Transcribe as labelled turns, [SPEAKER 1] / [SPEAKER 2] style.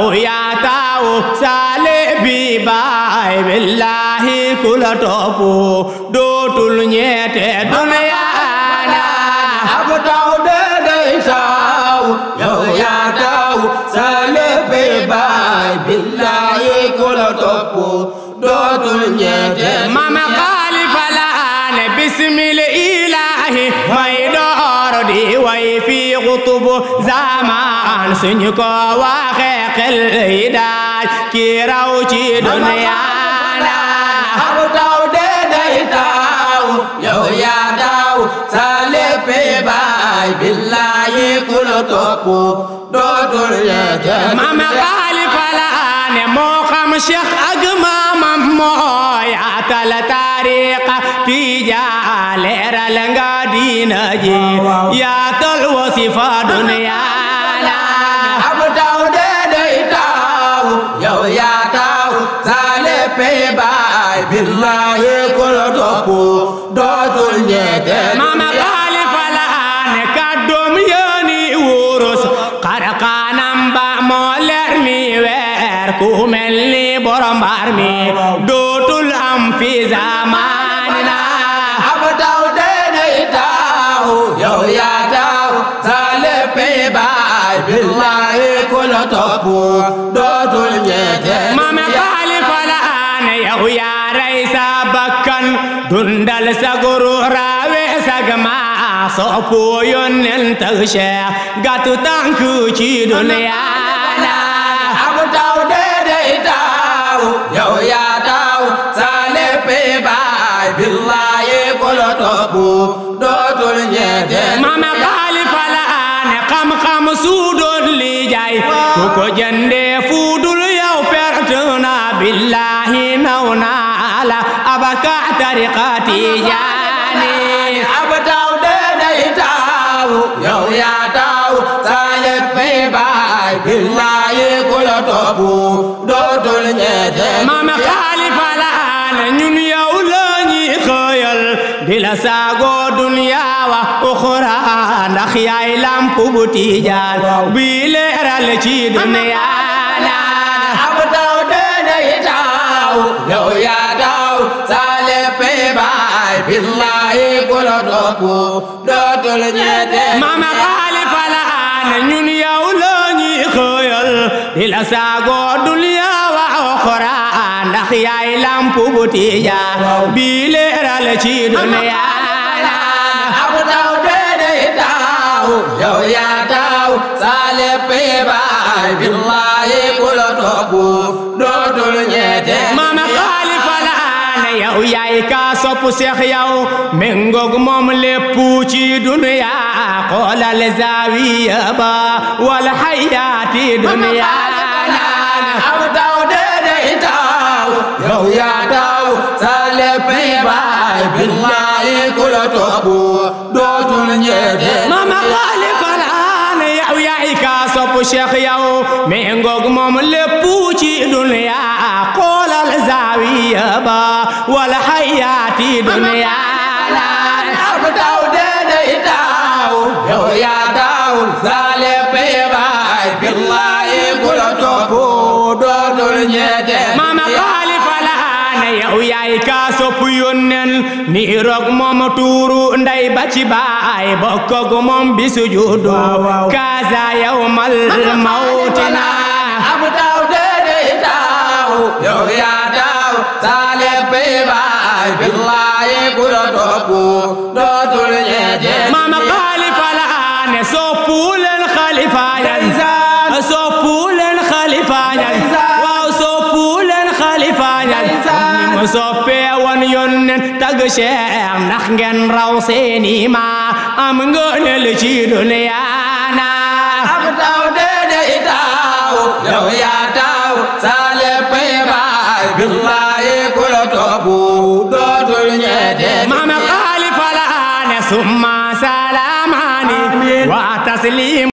[SPEAKER 1] yow yaa taawu saale bi baay billahi ku la topp dootul ñeete duniya na abu taawu saale bi baay billahi ku la topp dootul ñeete mama xaalifa laane tubu zaman suñ ko waxe xel yi daaj ki raw ci dunya na ab taw de day taw yow yaa daw sa léppe baay billaahi ku la topp dootul yëjëf mama xaalifa la ne moo xam cheikh ak maamam moo yaatal tariqa tijaale la nga diina ji yaa tol wo si fa duniya la ab taw dee dey taw yow yaa taw saa leppe baay billaahi ku la topp dootul ñeete mama kaale falaane kàddoom yooni wurus xarakaanam ba moo leer mi weer ku mel ni borom mbaar mi dootul am fi zamaan yow yaa daaw saale pey baay billaahi ku la topp dootul ñeete mame xalifa la aane yow yaa rey sa bakkan dundal sa guru raawe sa gamaa sopp yónneen tag Seex gàttu tànk ci duniyaa la abu taw dee day taaw yow yaa xam-xam su ñun yow la ñuy di la saagoo duniya alxuraan a yaay lamp bu tiijaan bi leeral ci duniya la ab taw wa alxuraan ndax yaay lamp bu tiijaan bi leeral ci duniya yow yaa taaw saa baay billaahi ku la topp dootul ñeete maama xaalifa yow yaay kaa sopp seex yow méngoog moom lépp ci dunya xoolal zaawiya ba wala xayaati dunya aw taw déedéy taw yow yaa taw saa baay billaahi ku la topp dootul والله فرحان يا وياي كاسب شيخ ياو من غوغ مم لبوشي دنيا قول الزاوية با ولا حياتي دنيا لا نبتاو ديداو يو يا داو زالب يباي بالله قلتو بودو دنيا دنيا yow yaay kaa sopp yónneen ni roog moom tuuru nday ba ci baay bokkoog moom bi sujudu kaasa yow mal mawtina abu taw dede taw yow yaa taw saale pey baay billaahi ku la toppu dootul ñeejeen maama xalifa la ne soppu leen xalifa ya soppeewoon yónneen tagg Seex ndax ngeen raw seeni ma am ngëneel ci duniyaana ab taw deede i taaw yow yaa taaw saa leppay baay billaahi ku la toppu dootul ñeete maama xaalifa la ne summa salaamaani wa tasliim